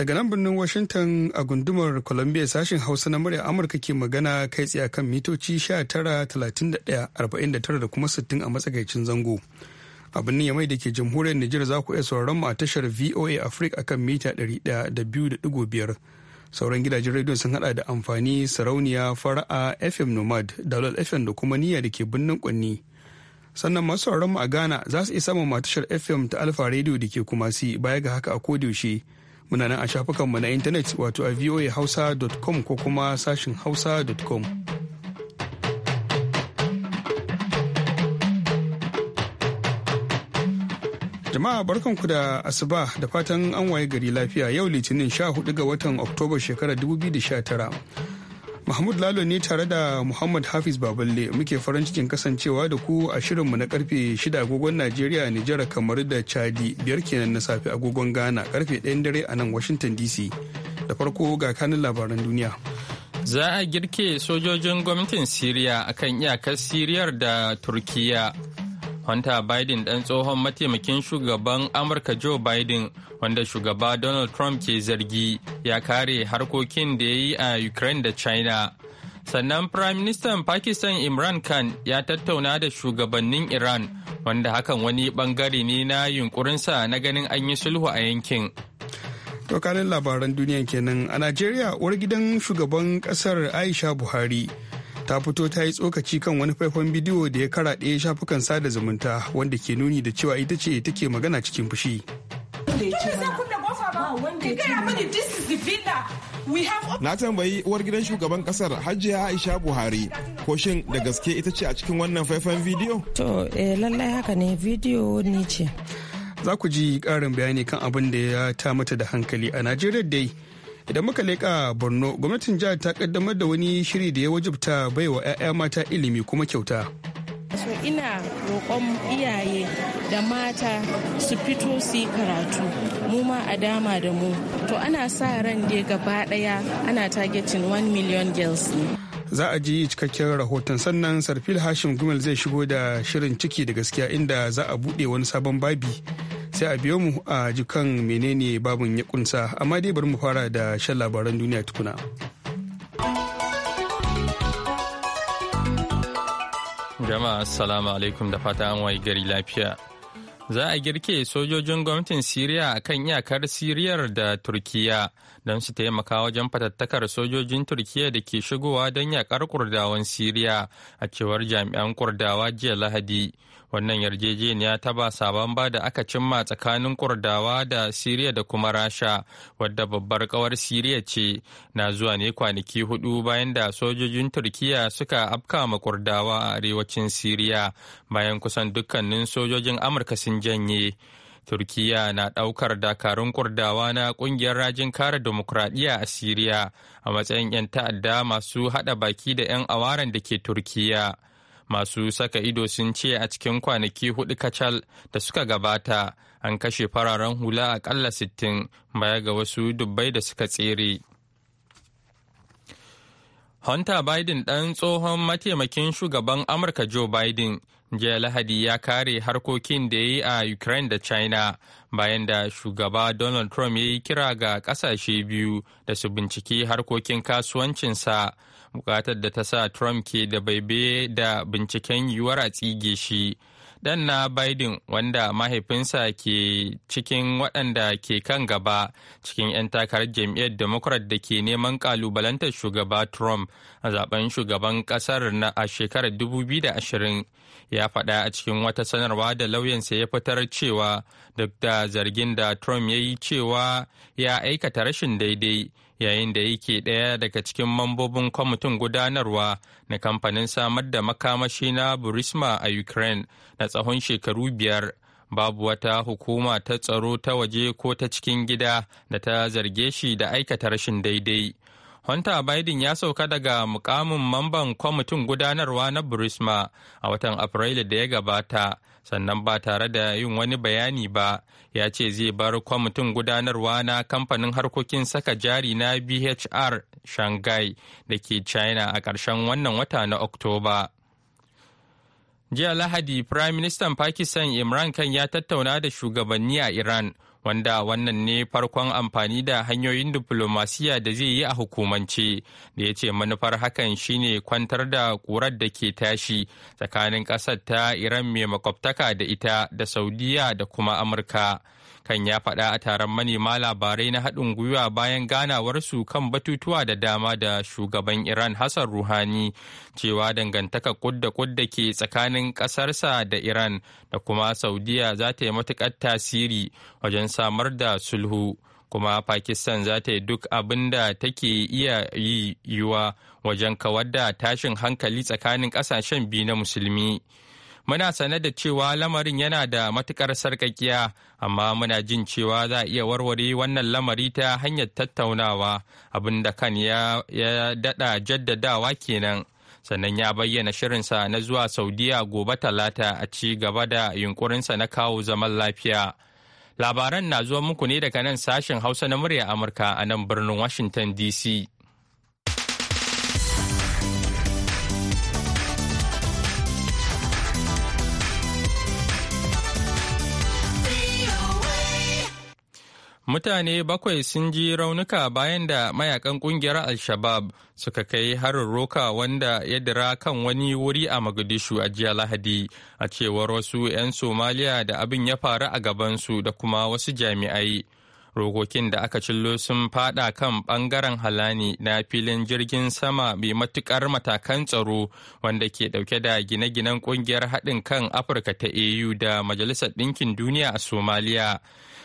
Daga nan birnin Washington a gundumar Columbia sashen Hausa na murya Amurka ke magana kai tsaye kan mitoci 19,31,49 da kuma 60 a matsakaicin zango. A birnin Yamai da ke jamhuriyar Nijar za ku iya sauraron mu a tashar VOA Africa akan mita biyar Sauran gidajen rediyon sun hada da amfani sarauniya fara'a FM Nomad, Dalol FM da kuma niyya da ke birnin Kwanni. sannan masu mu a Ghana za su iya samun matashar FM ta Alfa Radio da ke kumasi baya ga haka a kodiyaushe Muna nan a shafukanmu na intanet wato a voahausa.com ko kuma sashin hausa.com. Jama'a barkanku da asuba da fatan an waye gari lafiya yau litinin 14 ga watan Oktoba shekarar 2019. Mahmud Lalo ne tare da Muhammad Hafiz Baballe muke farin cikin kasancewa da ku a shirinmu na karfe 6 agogon Najeriya, Nijar, kamar da Chadi biyar kenan na safe agogon Ghana karfe 1 dare a nan Washington DC. Da farko ga kanin labaran duniya. Za a girke sojojin gwamnatin Siriya akan iyakar Siriyar da Turkiyya. Hunter Biden ɗan tsohon mataimakin shugaban Amurka Joe Biden wanda shugaba Donald Trump ke zargi ya kare harkokin da ya yi a Ukraine da China. Sannan Prime Minister Pakistan Imran Khan ya tattauna da shugabannin Iran wanda hakan wani bangare ne na yunkurinsa na ganin an yi sulhu a yankin. To labaran duniya kenan a Najeriya uwar gidan shugaban kasar Aisha Buhari. ta fito ta yi tsokaci kan wani faifan bidiyo da ya kara karaɗe shafukan sada zumunta wanda ke nuni da cewa ita ce take magana cikin fushi. Na tambayi uwar gidan shugaban kasar Hajiya Aisha Buhari ko shin da gaske ita ce a cikin wannan faifan bidiyo? To eh, lallai haka ne bidiyo ne ce. Za ku ji ƙarin bayani kan abin da ya ta mata da hankali a Najeriya dai. idan muka leƙa borno gwamnatin jihar ta kaddamar da wani shiri da ya wajibta baiwa 'ya'ya mata ilimi kuma kyauta so ina roƙon iyaye da mata su fito su yi karatu mu ma a dama da mu to ana sa ran dai gaba ɗaya ana targeting 1 million girls ne za a ji cikakken rahoton sannan sarfil hashim gumel zai shigo da shirin ciki da gaskiya inda za a buɗe wani sabon babi sai a biyo mu a jikan menene babin ya kunsa amma dai bari mu fara da shan labaran duniya tukuna. Jama'a assalamu alaikum da fata an wayi gari lafiya. Za a girke sojojin gwamnatin Siriya a kan iyakar Siriyar da Turkiya don su taimaka wajen fatattakar sojojin Turkiya da ke shigowa don yakar kurdawan Siriya a cewar jami'an kurdawa jiya Lahadi. wannan yarjejeniya ta ba sabon ba da aka cimma tsakanin kurdawa da siriya da kuma rasha wadda babbar kawar siriya ce na zuwa ne kwanaki hudu bayan da sojojin turkiya suka afka ma kurdawa a arewacin siriya bayan kusan dukkanin sojojin amurka sun janye turkiya na daukar dakarun kurdawa na kungiyar rajin kare demokradiyya a siriya a matsayin 'yan ta'adda masu hada baki da 'yan awaren da ke turkiya masu saka ido sun ce a cikin kwanaki hudu kacal da suka gabata an kashe fararen hula akalla 60 baya ga wasu dubbai da suka tsere. Hunter Biden ɗan tsohon mataimakin shugaban Amurka Joe Biden jiya Lahadi ya kare harkokin da ya yi a Ukraine da China bayan da shugaba Donald Trump ya yi kira ga ƙasashe biyu da su binciki harkokin kasuwancinsa bukatar da ta sa trump ke da baibe da binciken yiwuwar a tsige shi dan na biden wanda mahaifinsa ke cikin waɗanda ke kan gaba cikin 'yan takarar jam'iyyar democrat da ke neman kalubalantar shugaba trump a zaben shugaban ƙasar na a shekarar 2020 ya faɗa a cikin wata sanarwa da lauyansa ya fitar cewa duk da zargin da trump ya yi cewa ya aikata rashin daidai yayin da yake ɗaya daga cikin mambobin kwamitin gudanarwa na kamfanin samar da makamashi na burisma a ukraine na tsawon shekaru biyar babu wata hukuma ta tsaro ta waje ko ta cikin gida da ta zarge shi da aikata rashin daidai Hunter Biden ya sauka daga mukamin mamban kwamitin gudanarwa na Burisma a watan Afrilu da ya gabata, sannan ba tare da yin wani bayani ba, ya ce zai bar kwamitin gudanarwa na kamfanin harkokin saka jari na BHR Shanghai da ke China a ƙarshen wannan wata na Oktoba. Jiya Lahadi, Prime Minister Pakistan Imran Khan ya tattauna da shugabanni a Iran. wanda wannan ne farkon amfani da hanyoyin diplomasiya da zai yi a hukumance da ya ce manufar hakan shine kwantar da ƙurar da ke tashi tsakanin ƙasar ta iran mai makwabtaka da ita da saudiya da kuma amurka. hakan ya faɗa a taron manema labarai na haɗin gwiwa bayan ganawarsu kan batutuwa da dama da shugaban iran hassan ruhani cewa dangantaka kudda kudda ke tsakanin ƙasarsa da iran da kuma saudiya za ta yi matuƙar tasiri wajen samar da sulhu kuma pakistan za ta yi duk abin da take iya yi yiwa wajen kawar da tashin hankali tsakanin ƙasashen biyu na musulmi. muna sane da cewa lamarin yana da matukar sarkakiya amma muna jin cewa za a iya warware wannan lamari ta hanyar tattaunawa abin da kan ya, ya dada jaddadawa kenan sannan ya bayyana shirinsa na zuwa saudiya gobe talata a ci gaba da yunkurinsa na kawo zaman lafiya labaran na zuwa muku ne daga nan sashen hausa na murya amurka a nan birnin washington dc Mutane bakwai sun ji raunuka bayan da mayakan kungiyar Al-Shabab suka kai harin roka wanda ya dira kan wani wuri a Mogadishu a jiya Lahadi, a cewar wasu 'yan Somaliya da abin ya faru a gabansu da kuma wasu jami'ai. Rokokin da aka cillo sun fada kan bangaren halani na filin jirgin sama mai matukar matakan tsaro wanda ke dauke da gine-ginen kungiyar haɗin kan Afirka ta AU da Majalisar Ɗinkin Duniya a Somaliya.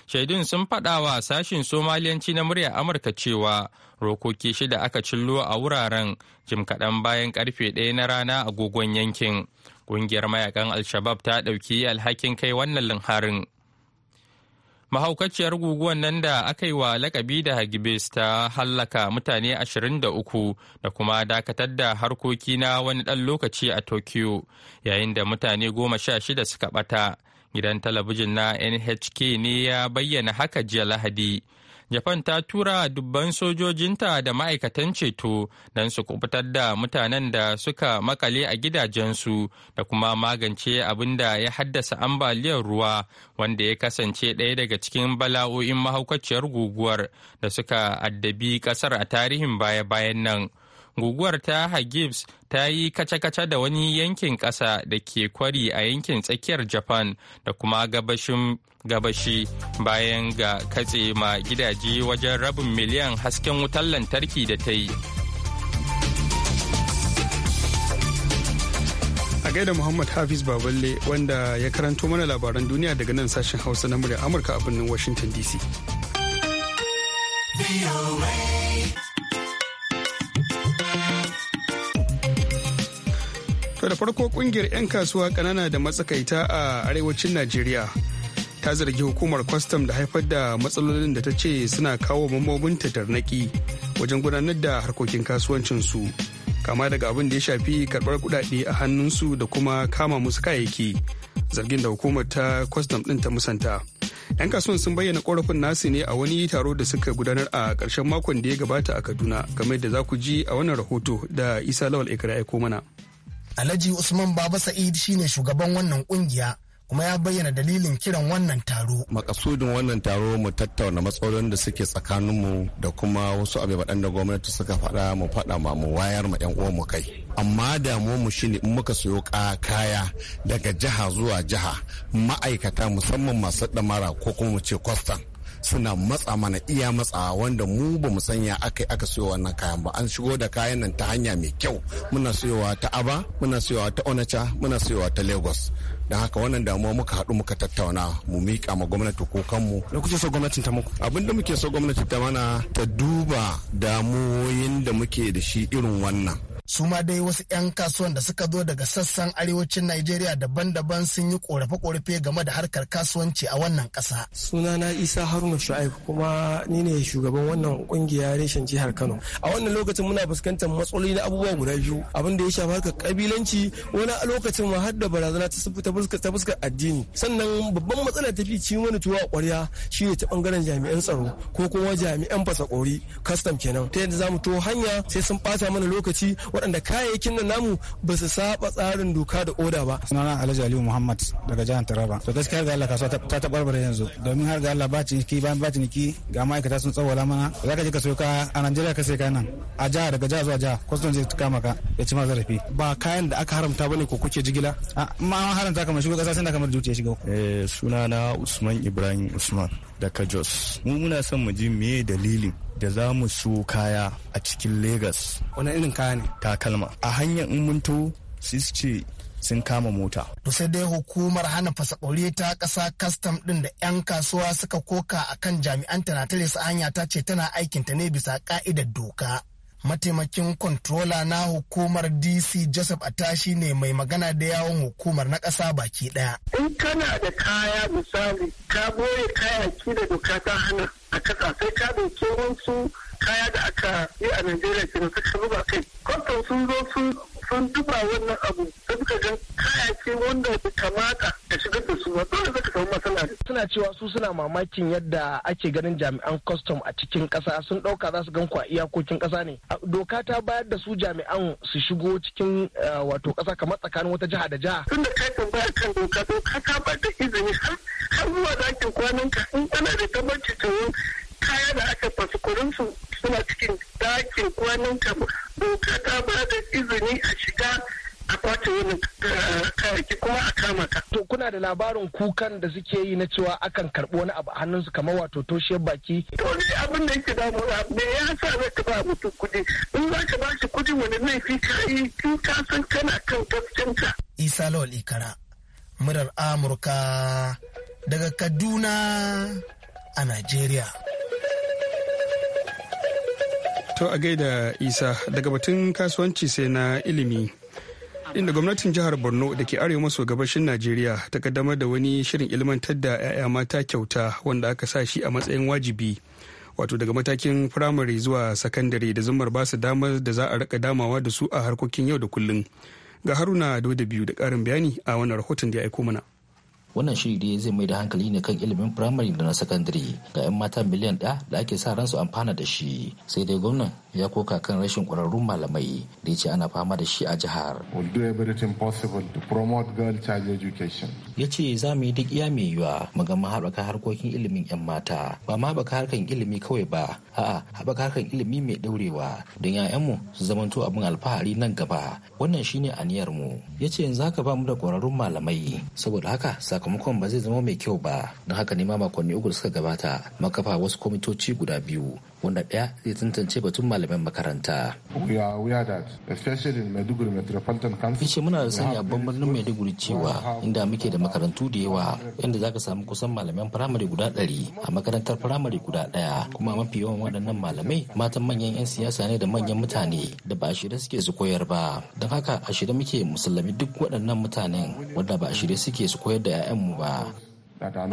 shaidun sun faɗa wa sashin somaliyanci na muryar amurka cewa rokoki shida aka cillo a wuraren jim kaɗan bayan karfe ɗaya na rana agogon yankin ƙungiyar mayakan alshabab ta ɗauki alhakin kai wannan linharin mahaukaciyar guguwan nan da aka yi wa lakabi da hagibis ta hallaka mutane 23 da kuma dakatar da harkoki na wani ɗan lokaci a tokyo yayin da mutane 16 suka ɓata Gidan talabijin na NHK ne ya bayyana haka jiya Lahadi. Japan ta tura dubban sojojinta da ma'aikatan ceto don su kubutar da mutanen da suka makale a gidajensu da kuma magance abin da ya haddasa ambaliyar ruwa wanda ya kasance ɗaya daga cikin bala'o'in mahaukaciyar guguwar da suka addabi ƙasar a tarihin baya-bayan nan. guguwar ta hagibs ta yi kace-kace da wani yankin ƙasa da ke kwari a yankin tsakiyar japan da kuma gabashin gabashi bayan ga katse ma gidaje wajen rabin miliyan hasken wutar lantarki da ta yi a gaida muhammad hafiz baballe wanda ya karanto mana labaran duniya daga nan sashen hausa na murya amurka a birnin washington dc To da farko kungiyar 'yan kasuwa kanana da matsakaita a arewacin Najeriya ta zargi hukumar kwastam da haifar da matsalolin da ta ce suna kawo ta tarnaki wajen gudanar da harkokin kasuwancinsu kama daga abin da ya shafi karbar kudade a hannunsu da kuma kama musu kayayyaki zargin da hukumar ta kwastam ɗin ta musanta. 'yan kasuwan sun bayyana korafin nasu ne a wani taro da suka gudanar a ƙarshen makon da ya gabata a kaduna game da za ku ji a wannan rahoto da isa lawal ikra aiko mana Alhaji Usman Baba Sa'id shine shugaban wannan kungiya kuma ya bayyana dalilin kiran wannan taro. Makasudin wannan taro mu tattauna matsalolin da suke tsakaninmu da kuma wasu abu da gwamnati suka faɗa mu faɗa ma mu wayar ma 'yan mu kai. Amma damuwar mu shine in muka sayo kaya daga jiha zuwa jiha ma'aikata musamman masu ɗamara ko kuma mu ce kwastan. suna matsa mana iya matsa wanda mu ba mu sanya aka aka siyo wannan kayan ba an shigo da kayan nan ta hanya mai kyau muna siyowa ta aba muna siyowa ta onacha muna siyowa ta lagos don haka wannan damuwa muka haɗu muka tattauna mu miƙa ma gwamnati ko kanmu da kuke so gwamnatin ta muku abin da muke so gwamnati ta mana ta duba damuwoyin da muke da shi irin wannan su ma dai wasu 'yan kasuwan da suka zo daga sassan arewacin Najeriya daban-daban sun yi korafe-korafe game da harkar kasuwanci a wannan ƙasa. Sunana Isa Haruna Shu'aib kuma ni ne shugaban wannan kungiya reshen jihar Kano. A wannan lokacin muna fuskantar matsaloli na abubuwa guda biyu abin da ya shafi harkar kabilanci wani a lokacin ma har da barazana ta fuskar ta fuskar addini. Sannan babban matsala ta fi ci wani tuwa ƙwarya shi ne ta bangaren jami'an tsaro ko kuma jami'an fasakori custom kenan ta yadda za mu to hanya sai sun ɓata mana lokaci waɗanda kayayyakin nan namu ba su saba tsarin doka da oda ba. Sunana Alhaji Aliyu Muhammad daga jihar Taraba. To gaskiya ga Allah kasuwa ta tabarbare yanzu domin har ga Allah ba ciniki ba ba ciniki ga ma'aikata sun tsawala mana za ka je ka sayo a Najeriya ka sai kayan nan a jihar daga jihar zuwa jihar kwastom zai tuka ka ya ci ma zarafi. Ba kayan da aka haramta bane ko kuke jigila? Ma an haramta kamar shigo kasa sai na kamar dukiya shigo. Eh, sunana Usman Ibrahim Usman Daka Jos. Mu muna son mu ji me dalilin da za mu siyo kaya a cikin Legas. Wani irin kaya ne? Takalma. A hanyar in mun to su ce sun kama mota. To sai dai hukumar hana fasaɓaure ta ƙasa kastam ɗin da 'yan kasuwa suka koka a kan jami'an tana tare su hanya ta ce tana aikinta ne bisa ƙa'idar doka. Mataimakin kontrola na hukumar DC Joseph Atashi ne mai magana da yawon hukumar na ƙasa baki ɗaya. In kana da kaya misali, ka boye kayaki da doka ta hana. a kasa sai ka dauke wasu kaya da aka yi a Najeriya da suka zuba kai. Kwamfan sun zo sun duba wannan abu sai suka ga kaya ce wanda ya kamata ka shigar da su ba dole zaka samu matsala ne. Suna cewa su suna mamakin yadda ake ganin jami'an kwastam a cikin ƙasa sun ɗauka za su gan ku iyakokin ƙasa ne. Doka ta bayar da su jami'an su shigo cikin eh, wato kasa kamar tsakanin wata jiha da jiha. Tunda ka tambaya kan doka doka ta bayar da izini har tabbacin kwanan ka in kana da tabbacin tsoro kaya da aka fasikurin su suna cikin dakin kwanan ka doka ta ba da izini a shiga a kwace wani eh, kayaki kuma a kama ka. To kuna da labarin kukan da suke yi na cewa akan karɓi wani abu a hannunsu kamar wato toshe baki. To ne abin da yake damu me ya sa zai ka ba mutum kuɗi in za ka ba shi kuɗi wani laifi ka yi tun ka san kana kan gaskanka. Isa Lawal Ikara, murar Amurka daga Kaduna a Najeriya. To a gaida Isa daga batun kasuwanci sai na ilimi. Inda gwamnatin jihar Borno da ke arewa maso gabashin Najeriya ta kaddamar da wani shirin ilmantar da 'ya'ya mata kyauta wanda aka sa shi a matsayin wajibi. Wato daga matakin firamare zuwa sakandare da zumar ba su damar da za a rika damawa da su a harkokin yau da kullum. Ga Haruna da biyu da ƙarin bayani a wannan rahoton da ya aiko mana. wannan shiri dai zai mai da hankali ne kan ilimin firamare da na sakandare ga 'yan mata miliyan ɗaya da ake sa ran su amfana da shi sai dai gwamnan ya koka kan rashin ƙwararrun malamai da ya ce ana fama da shi a jihar. Ya ce za mu yi duk iya mai yiwa mu ga haɓaka harkokin ilimin 'yan mata ba ma haɓaka harkan ilimi kawai ba a'a haɓaka harkan ilimi mai ɗaurewa don 'ya'yanmu su zamanto abin alfahari nan gaba wannan shine aniyarmu ya ce yanzu haka ba mu da ƙwararrun malamai saboda haka sakamakon sakamakon ba zai zama mai kyau ba don haka ne ma makonni uku da suka gabata makafa wasu kwamitoci guda biyu wanda ɗaya zai tantance batun malamin makaranta. Fice muna da sanya babban birnin Maiduguri cewa inda muke da makarantu da yawa inda zaka ka samu kusan malamin firamare guda ɗari a makarantar firamare guda ɗaya kuma mafi yawan waɗannan malamai matan manyan 'yan siyasa ne da manyan mutane da ba a shirye suke su koyar ba don haka a shirye muke musulmi duk waɗannan mutanen wanda ba a shirye suke su koyar da 'ya'yanmu ba that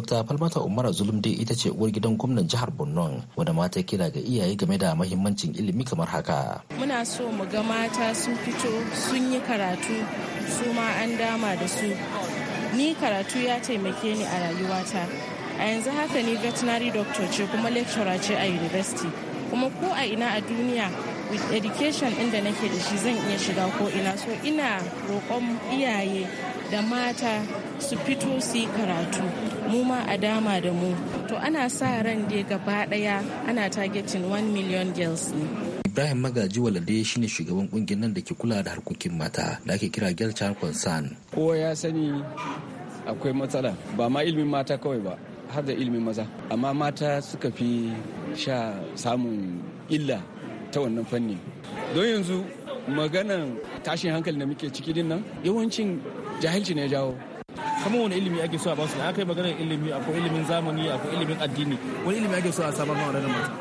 Dr. Falmata Umar Zulum dai ita ce uwar gidan gwamnan jihar Borno wanda mata kira ga iyaye game da mahimmancin ilimi kamar haka. Muna so mu ga mata sun fito sun yi karatu su ma an dama da su. Ni karatu ya taimake ni a rayuwata. A yanzu haka ni veterinary doctor ce kuma lecturer ce a university. Kuma ko a ina a duniya with education inda nake da shi zan iya shiga ko ina so ina roƙon iyaye da mata su fito su yi karatu mu ma a dama da mu to ana sa ran dai gaba daya ana targeting 1 million girls ne ibrahim magaji walade shine shugaban kungiyar nan da ke kula da harkokin mata da ake kira girl child concern kowa ya sani akwai matsala ba ma ilimin mata kawai ba har da ilimin maza amma mata suka fi sha samun illa ta wannan fanni don yanzu maganan tashin hankali da muke ciki din nan yawancin jahilci ne ya jawo kamar wani ilimi ake so a basu aka yi maganar ilimi akwai ilimin zamani akwai ilimin addini wani ilimi ake so a samar ma wadannan mata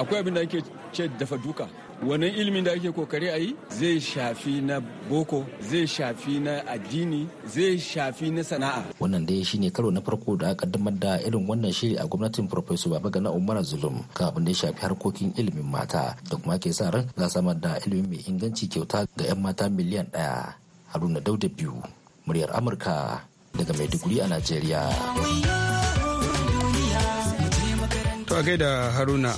akwai abin da ake ce dafa duka wani ilimin da ake kokari a yi zai shafi na boko zai shafi na addini zai shafi na sana'a wannan dai shine karo na farko da aka kaddamar da irin wannan shiri a gwamnatin professor gana umar zulum kan abin da ya shafi harkokin ilimin mata da kuma ke sa ran za samar da ilimi mai inganci kyauta ga 'yan mata miliyan ɗaya haruna dauda biyu muryar amurka daga maiduguri a najeriya to a gaida haruna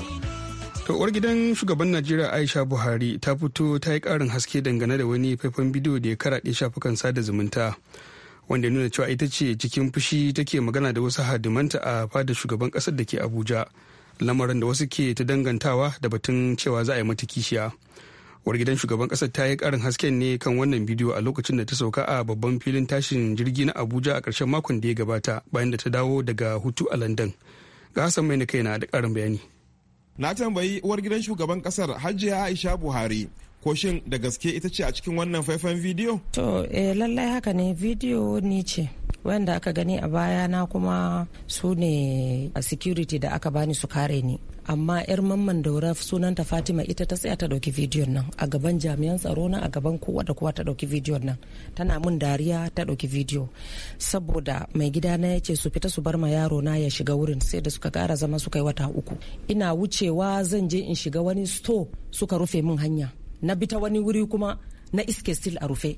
to uwar gidan shugaban najeriya aisha buhari ta fito ta yi karin haske dangane da wani faifan bidiyo da ya karaɗe shafukan sada zumunta wanda nuna cewa ita ce cikin fushi take magana da wasu hadimanta a fadar shugaban kasar da ke abuja lamarin da wasu ke ta dangantawa da batun cewa za a yi mata kishiya uwar gidan shugaban kasar ta yi karin hasken ne kan wannan bidiyo a lokacin da ta sauka a babban filin tashin jirgi na abuja a karshen makon da ya gabata bayan da ta dawo daga hutu a london ga hassan mai na kaina da karin bayani na tambayi uwar gidan shugaban kasar hajiya aisha buhari ko shin da gaske ita ce a cikin wannan faifan bidiyo to eh, lallai haka ne bidiyo ni ce wanda aka gani a baya na kuma su ne security da aka bani su kare ni amma yar mamman daura sunanta fatima ita ta tsaya ta dauki bidiyon nan a gaban jami'an tsaro na a gaban kowa da kowa ta dauki bidiyon nan tana mun dariya ta dauki bidiyo saboda mai gida na ya ce su fita su bar ma yaro na ya shiga wurin sai da suka kara zama suka yi wata uku ina wucewa zan je in shiga wani store suka rufe min hanya na bi ta wani wuri kuma na iske still a rufe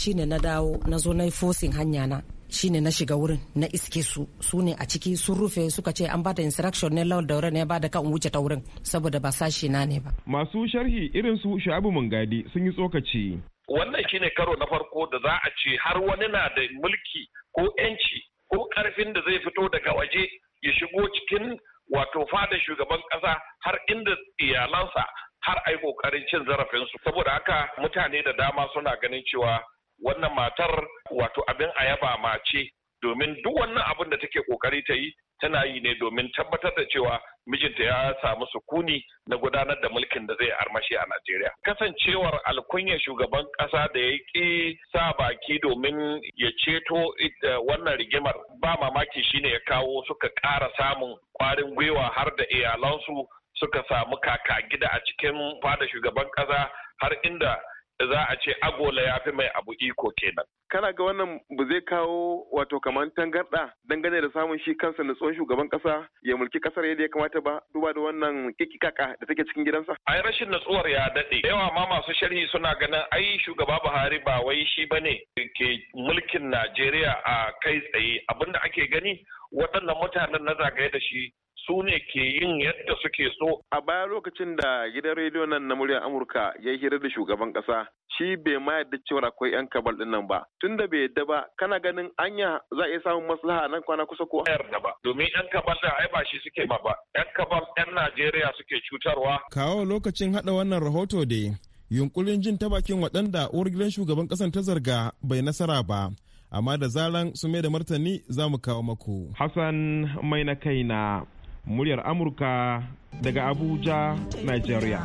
shine na dawo na zo na forcing hanya na shine na shiga wurin na iske su su ne a ciki sun rufe suka ce an bada instruction ne lawal daure ne bada kan wuce ta wurin saboda ba sashi na ne ba masu sharhi irin su shabu mungadi sun yi tsokaci wannan shine karo na farko da za a ce har wani na da mulki ko yanci ko karfin da zai fito daga waje ya shigo cikin wato fada shugaban kasa har inda iyalansa har ai kokarin cin zarafinsu saboda haka mutane da dama suna ganin cewa wannan matar wato abin a yaba mace domin duk wannan abin da take kokari ta yi tana yi ne domin tabbatar da cewa mijinta ya samu sukuni na gudanar da mulkin da zai armashi a Najeriya. Kasancewar alkunya shugaban ƙasa da ya ƙi sa baki domin ya ceto eh, wannan rigimar ba mamaki shine ya kawo suka ƙara samun ƙwarin gwiwa har da iyalansu suka samu kaka gida a cikin fada shugaban ƙasa har inda za a ce agola ya fi mai abu iko kenan. Kana ga wannan ba zai kawo wato kamar tangarɗa dangane da samun shi kansa na tsohon shugaban ƙasa ya mulki ƙasar yadda ya kamata ba duba da wannan kikikaka da take cikin gidansa. Ai rashin natsuwar ya daɗe. Da yawa ma masu sharhi suna ganin ai shugaba Buhari ba wai shi ba bane ke mulkin Najeriya a kai tsaye abinda ake gani waɗannan mutanen na zagaye da shi su ne ke yin yadda suke so. A baya lokacin da gidan rediyo nan na muryar Amurka ya hira da shugaban kasa, shi bai ma yadda cewa akwai 'yan kabal dinnan ba. Tun da bai yadda ba, kana ganin anya za a iya samun maslaha nan kwana kusa ko? Yarda ba, domin 'yan kabal da ai ba shi suke ba ba, 'yan kabal 'yan Najeriya suke cutarwa. Kawo lokacin haɗa wannan rahoto da yunkurin jin ta bakin waɗanda uwar gidan shugaban ƙasar ta zarga bai nasara ba. amma da zaran su mai da martani za mu kawo maku. Hassan mai na kaina muryar amurka daga abuja nigeria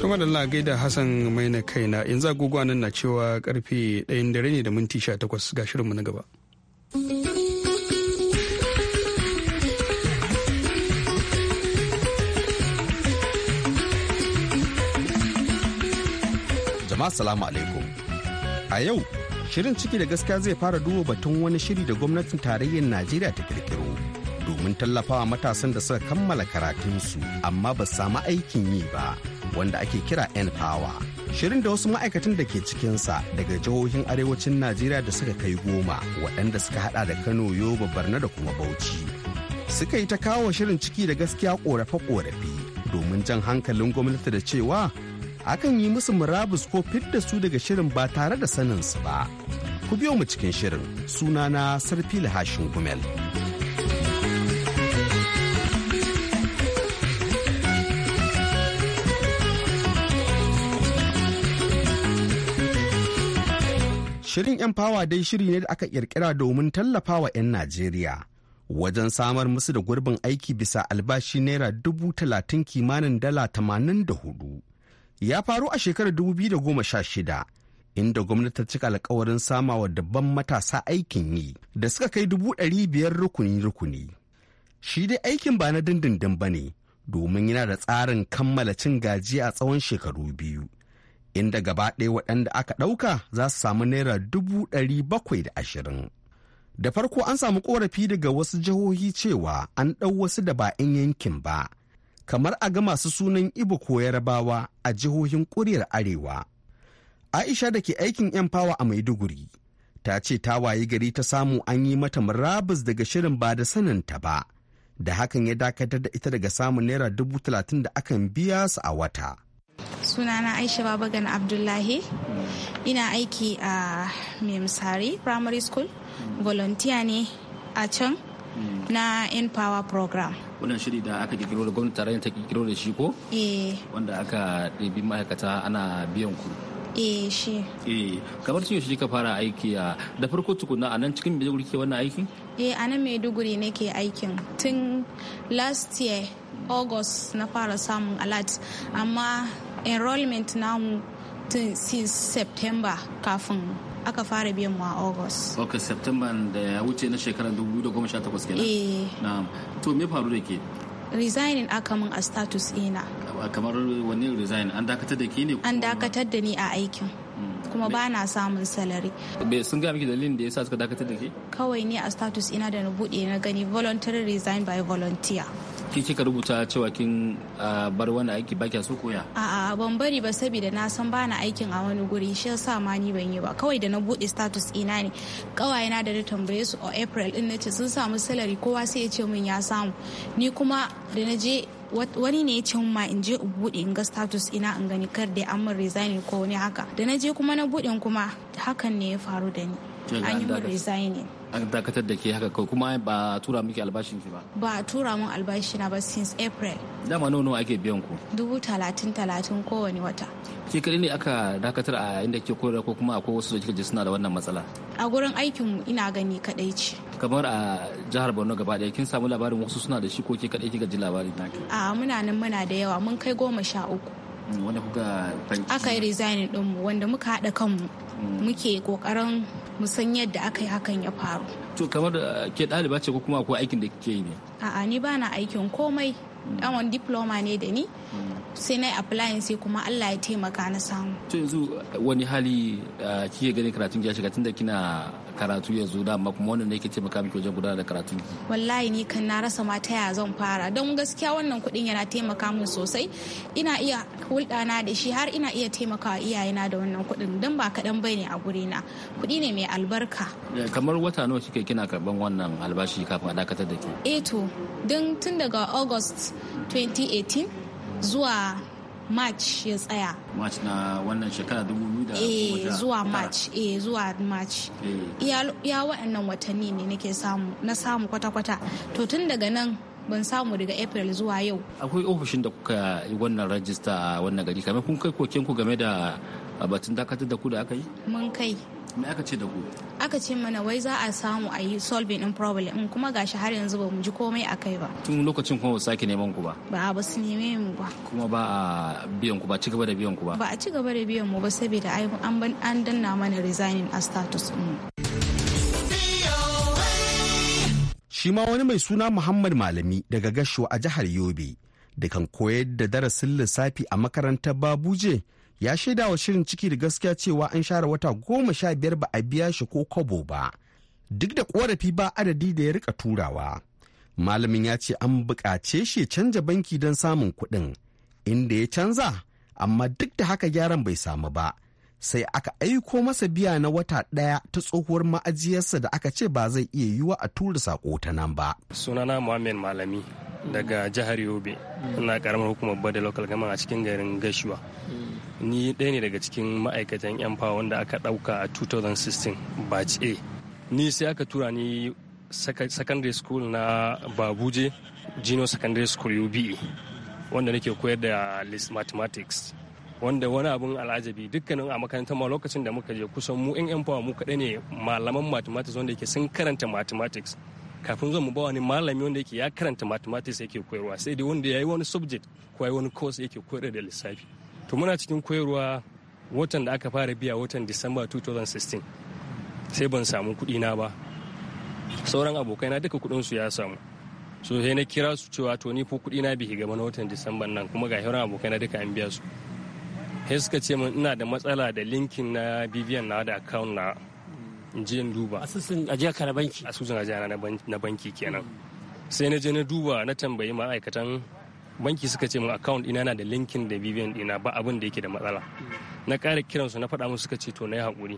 kuma da Allah gaida Hassan mai na kaina yanzu agogo nan na cewa karfe ɗayan dare ne da minti 18 ga shirinmu na gaba. Jama'a salamu alaikum. A yau Shirin ciki da gaskiya zai fara duba batun wani shiri da gwamnatin tarayyar Najeriya ta kirkiro domin tallafawa matasan da suka kammala karatunsu amma ba su samu aikin yi ba wanda ake kira N-Power. Shirin da wasu ma'aikatan da ke cikinsa daga jihohin arewacin Najeriya da suka kai goma waɗanda suka haɗa da Kano, yoba Barna da kuma Bauchi. Suka yi ta kawo shirin ciki da gaskiya ƙorafe-ƙorafe domin jan hankalin gwamnati da cewa akan yi musu murabus ko fidda su daga shirin ba tare da saninsu ba. Ku biyo mu cikin shirin sunana sarfi Lahashin Gumel. Shirin 'yan fawa dai shiri ne da aka ƙirƙira domin tallafawa 'yan Najeriya wajen samar musu da gurbin aiki bisa albashi naira dubu talatin kimanin dala tamanin da hudu. ya faru a shekarar 2016 inda gwamnati ta cika alkawarin sama wa dabban matasa aikin yi da suka kai dubu ɗari biyar rukuni-rukuni. Shi dai aikin ba na dindindin ba ne domin yana da tsarin kammala cin gaji a tsawon shekaru biyu. Inda gaba ɗaya waɗanda aka ɗauka za su samu naira dubu ɗari bakwai da ashirin. Da farko an samu ƙorafi daga wasu jihohi cewa an ɗau wasu da ba 'yan yankin ba kamar a ga masu sunan ibo ko yarabawa a jihohin kuriyar arewa aisha da ke aikin yan fawa a maiduguri ta ce ta wayi gari ta samu an yi mata murabus daga shirin ba da sananta ba da hakan ya dakatar da ita daga samun naira dubu talatin da akan biya su a wata sunana aisha babagan abdullahi ina aiki a memsari primary school volunteer ne a can na in power program wannan shiri da aka kirkiro da gwamnati tarayyar ta kirkiro da shi ko eh wanda aka ɗebi ma'aikata ana biyan ku eh shi eh kamar shi shi ka fara aiki a da farko tukuna a nan cikin Maiduguri ke wannan aikin eh a nan Maiduguri nake aikin tun last year August na fara samun alert amma enrollment na tun since September kafin aka fara biyan mu a august ok september da ya wuce na shekarar 2018 kenan eh na'am to me faru da ke resigning aka min a status ina kamar wani resign an dakatar da ke ne an dakatar da ni a aikin mm. kuma ba na samun salari. Bai sun gaya miki dalilin da yasa suka dakatar da ke? Kawai ne a status ina da na buɗe na gani voluntary resign by volunteer. ki kika rubuta cewa kin ah, bar wani aiki ba kya so koya a'a ban bari ba saboda na san bana aikin a wani guri shi sa ma ni ban yi ba kawai da na bude status ina ne kawai na da na tambaye su a april din nace sun samu salary kowa sai ya ce min ya samu ni kuma da na je wani ne ya ce ma in je in bude in ga status ina in gani kar da an min resigning ko wani haka da na je kuma na bude kuma hakan ne ya faru da ni an yi min resigning an dakatar da ke haka kawai kuma ba a tura miki albashin ki ba ba a tura mun albashi na ba since april dama nono ake biyan ku dubu talatin talatin kowane wata ke kadi ne aka dakatar a inda ke koyarwa ko kuma akwai wasu da kika ji suna da wannan matsala a gurin aikinmu ina gani kaɗai ce kamar a jihar borno gaba daya kin samu labarin wasu suna da shi ko ke kadai kika ji labarin naki a muna nan muna da yawa mun kai goma sha uku wanda kuka aka yi resigning ɗinmu wanda muka haɗa kanmu mm. muke ƙoƙarin mu san yadda aka yi hakan ya faru to kamar ke ɗaliba ce ko kuma akwai aikin da kike yi ne a'a ni bana aikin komai dan wani diploma ne da ni mm. sai na applying sai kuma Allah ya taimaka na samu. To yanzu uh, wani hali uh, kike ganin karatun ya shiga tunda kina karatu yanzu da amma kuma wannan ne yake taimaka miki wajen gudanar da karatun Wallahi ni kan na rasa ma ta ya zan fara don gaskiya wannan kuɗin yana taimaka min sosai ina iya hulɗa na da shi har ina iya taimakawa iyayena da wannan kuɗin don ba kaɗan bai ne a guri na kuɗi ne mai albarka. Eh, kamar wata nawa kike kina karɓan wannan albashi kafin a dakatar da ke? Eh to don tun daga August 2018 zuwa march ya tsaya march na wannan shekara 2000 eh, eh zuwa march eh zuwa march ya wa'annan watanni ne nake samu na samu kwata-kwata to tun daga nan ban samu daga april zuwa yau akwai ofishin da kuka yi wannan rajista a wannan gari kamar kun kai koken ku game da batun dakatar da ku da aka yi mun kai me aka ce da ku aka ce mana wai za a samu a yi solving in problem kuma gashi har yanzu ba mu ji komai a kai ba tun lokacin kuma ba sake neman ku ba ba a ba su neme mu ba kuma ba a biyan ku ba ci gaba da biyan ku ba ba a ci da biyan mu ba saboda an danna mana resigning a status mu shi ma wani mai suna Muhammad Malami daga Gashuwa a jihar Yobe da kan koyar da darasin lissafi a makarantar Babuje ya shaida wa shirin ciki da gaskiya cewa an share wata goma sha biyar ba a biya shi ko kobo ba duk da korafi ba adadi da ya rika turawa malamin ya ce an bukace shi ya canja banki don samun kuɗin inda ya canza amma duk da haka gyaran bai samu ba sai aka aiko masa biya na wata ɗaya ta tsohuwar ma'ajiyarsa da aka ce ba zai iya yiwa a tura sako ta nan ba sunana muhammed malami daga jihar yobe ina karamar hukumar bada local gama a cikin garin gashuwa ni ɗaya ne daga cikin ma'aikatan yan fawa wanda aka ɗauka a 2016 batch a ni sai aka tura ni secondary school na babuje jino secondary school ube wanda nake koyar da list mathematics wanda wani abin al'ajabi dukkanin a makarantar ma lokacin da muka je kusan mu in yan fawa mu kaɗai ne malaman mathematics wanda yake sun karanta mathematics kafin zuwa mu ba wani malami wanda yake ya karanta mathematics yake koyarwa sai dai wanda ya yi wani subject ko ya wani course yake koyar da lissafi to muna cikin koyarwa watan da aka fara biya watan disamba 2016 sai ban samu kudi na ba sauran abokaina duka kudin su ya samu so sai na kira su cewa to ni fa kudi na bihi gaba na watan disamba nan kuma ga sauran abokaina duka an biya su sai suka ce min ina da matsala da linkin na bibiyan na da account na in je in duba asusun ajiya na banki asusun ajiya na banki kenan sai na je na duba na tambayi ma'aikatan banki suka ce min account ina na da linkin da bibiyan dina ba abin da yake da matsala na ƙara kiransu na faɗa musu suka ce to na yi haƙuri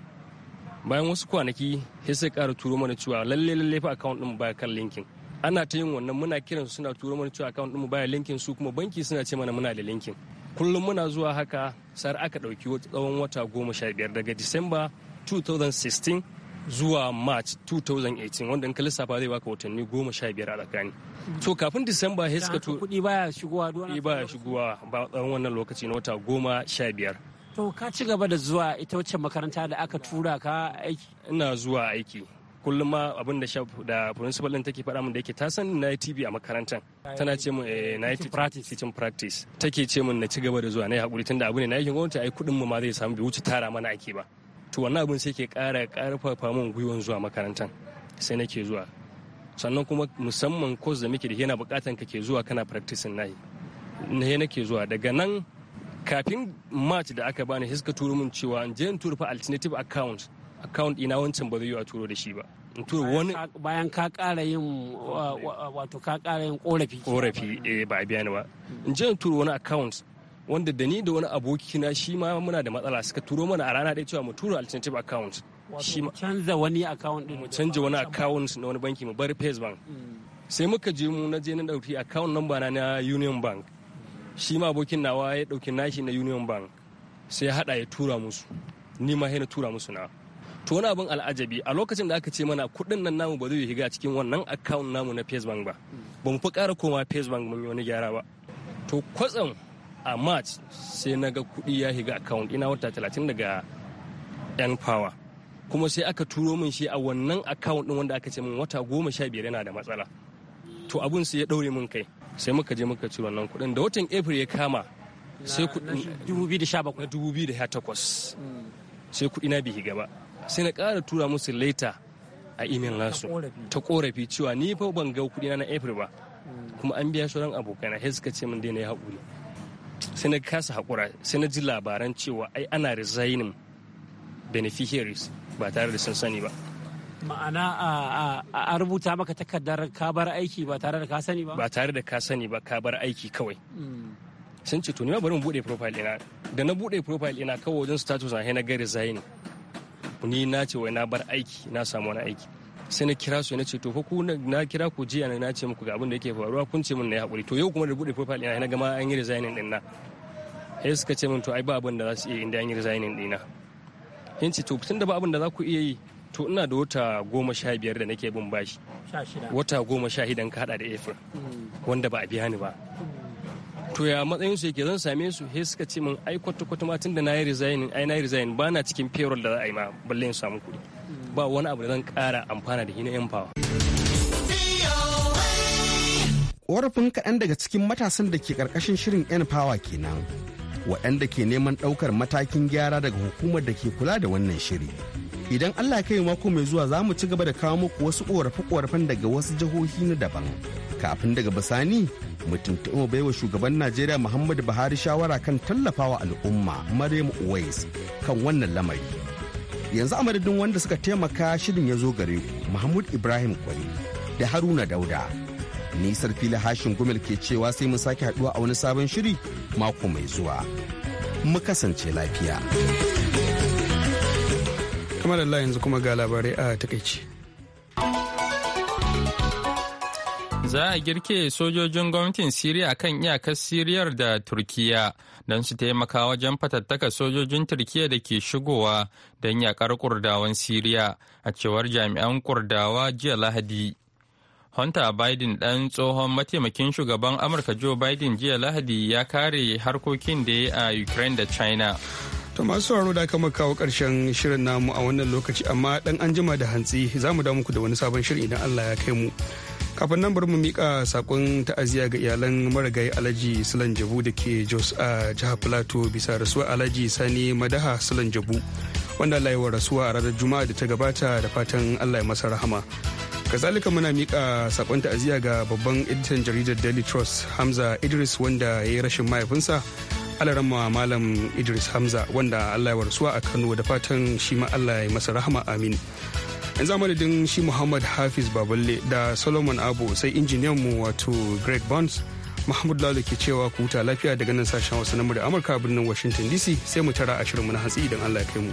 bayan wasu kwanaki sai sai ƙara turo mana cewa lalle lalle fa account ɗin ba kan linkin ana ta yin wannan muna kiran suna turo mana cewa account ɗin baya linkin su kuma banki suna ce mana muna da linkin kullum muna zuwa haka sar aka ɗauki tsawon wata goma sha biyar daga disamba 2016 zuwa march 2018 wanda in ka lissafa zai baka watanni goma sha biyar a tsakani to kafin december ya suka to kudi baya shigowa kudi baya shigowa ba tsawon wannan lokaci na wata goma sha biyar to ka ci gaba da zuwa ita wacce makaranta da aka tura ka aiki ina zuwa aiki kullum ma abin da da principal din take faɗa min da yake ta san na yi TV a makarantar tana ce min eh, na yi teaching practice take ce min na ci gaba da zuwa na yi hakuri tunda abu ne na yi gwamnati ai kuɗin mu ma zai samu bi wuce tara mana ake ba to wannan abin sai ke ƙara ƙarfafa min gwiwan zuwa makarantan sai nake zuwa sannan kuma musamman kos da muke da yana buƙatan ka ke zuwa kana practicing nahi na nake zuwa daga nan kafin march da aka bani sai suka turo min cewa in je in tura fa alternative account account ina wancan ba zai yi a turo da shi ba in wani bayan ka ƙara yin wato ka ƙara yin korafi korafi eh ba biya ni ba in je in tura wani account wanda da ni da wani abokina shi ma muna da matsala suka turo mana a rana ɗaya cewa mu tura alternative account shi ma canza wani account din mu canza wani account na wani banki mu bari Face Bank mm. sai muka je mu na je na dauki account number na na Union Bank shi ma abokin nawa ya dauki nashi na Union Bank sai ya hada ya tura musu ni ma na tura musu na to wani abin al'ajabi a lokacin da aka ce mana kuɗin nan namu ba zai shiga cikin wannan account namu na Face Bank ba mm. ba mu fi ƙara koma Face Bank mun yi wani gyara ba to kwatsam a march sai na ga kudi ya shiga account ina wata 30 daga yan power kuma sai aka turo min shi a wannan account din wanda aka ce min wata goma sha biyar yana da matsala to abun sai ya daure min kai sai muka je muka ci wannan kudin da watan april ya kama sai kudin 2017 hmm. sai kudi na shiga gaba sai na ƙara tura musu laita a imin nasu ta korafi cewa ni fa ban ga kudi na april ba hmm. kuma an biya sauran abokana sai suka ce min daina ya haƙuri sai na kasa haƙura sai na ji labaran cewa ai ana resigning beneficiaries ba tare da sun sani ba ma'ana a rubuta maka takardar ka bar aiki ba tare da ka sani ba ba tare da ka sani ba ka bar aiki kawai hmm. sun ce to ni ma bari mu bude profile ina da na bude profile ina kawai wajen status na na ga resigning ni na ce wai na bar aiki na samu wani aiki sai na kira su na ce to ko ku na kira ku jiya na ce muku ga abin da yake faruwa kun ce min na yi hakuri to yau kuma da bude profile ina na gama an yi resigning din na sai suka ce min to ai ba abin da za su iya inda an yi resigning na in ce to tun da ba abin da za ku iya yi to ina da wata goma sha biyar da nake bin bashi wata goma sha hidan ka hada da april hmm. wanda ba a biya ni ba hmm. to ya matsayin su yake zan same su sai suka ce min ai kwata kwata ma tun da na yi resigning ai na yi resigning ba na cikin payroll da za a yi ma balle in samu kuɗi ba wani abu da zan ƙara amfana da shi na fawa. Ƙorafin kaɗan daga cikin matasan da ke ƙarƙashin shirin yan fawa kenan waɗanda ke neman ɗaukar matakin gyara daga hukumar da ke kula da wannan shiri. Idan Allah ya kai mako mai zuwa za mu ci gaba da kawo muku wasu ƙorafe-ƙorafen daga wasu jihohi na daban. Kafin daga bisani mu tuntuɓi baiwa shugaban Najeriya Muhammadu Buhari shawara kan tallafawa al'umma Maryam Uwais kan wannan lamari. yanzu a madadin wanda suka taimaka shirin ya zo gare ku mahmud ibrahim kwari da haruna dauda nisar fili hashin gumel ke cewa sai mu sake haduwa a wani sabon shiri mako mai zuwa mu kasance lafiya kamar Allah yanzu kuma ga labarai a takaici za a girke sojojin gwamnatin siriya kan iyakar siriyar da turkiya don su taimaka wajen fatattaka sojojin turkiya da ke shigowa don yakar kurdawan siriya a cewar jami'an kurdawa jiya lahadi hunter biden dan tsohon mataimakin shugaban amurka joe biden jiya lahadi ya kare harkokin da ya a ukraine da china To masu sauraro da aka kawo karshen shirin namu a wannan lokaci amma dan anjima da hantsi za mu da muku da wani sabon shirin idan Allah ya kai mu. kafin nan bari mu mika sakon ta'aziyya ga iyalan marigayi alhaji sulan jabu da ke jos a jihar plateau bisa rasuwar alhaji sani madaha sulan jabu wanda allah ya rasuwa a ranar juma'a da ta gabata da fatan allah ya masa rahama kazalika muna mika sakon ta'aziyya ga babban editan jaridar daily trust hamza idris wanda ya yi rashin mahaifinsa alaran malam idris hamza wanda allah ya rasuwa a kano da fatan shi ma allah ya masa rahama amin yan din shi muhammad hafiz baballe da solomon abu sai injiniyan mu wato greg bonds mahmud lalo ke cewa ku huta lafiya daga nan sashen wasu na amurka birnin washington dc sai mu tara ashirin mu na hatsi idan allah ya kai mu.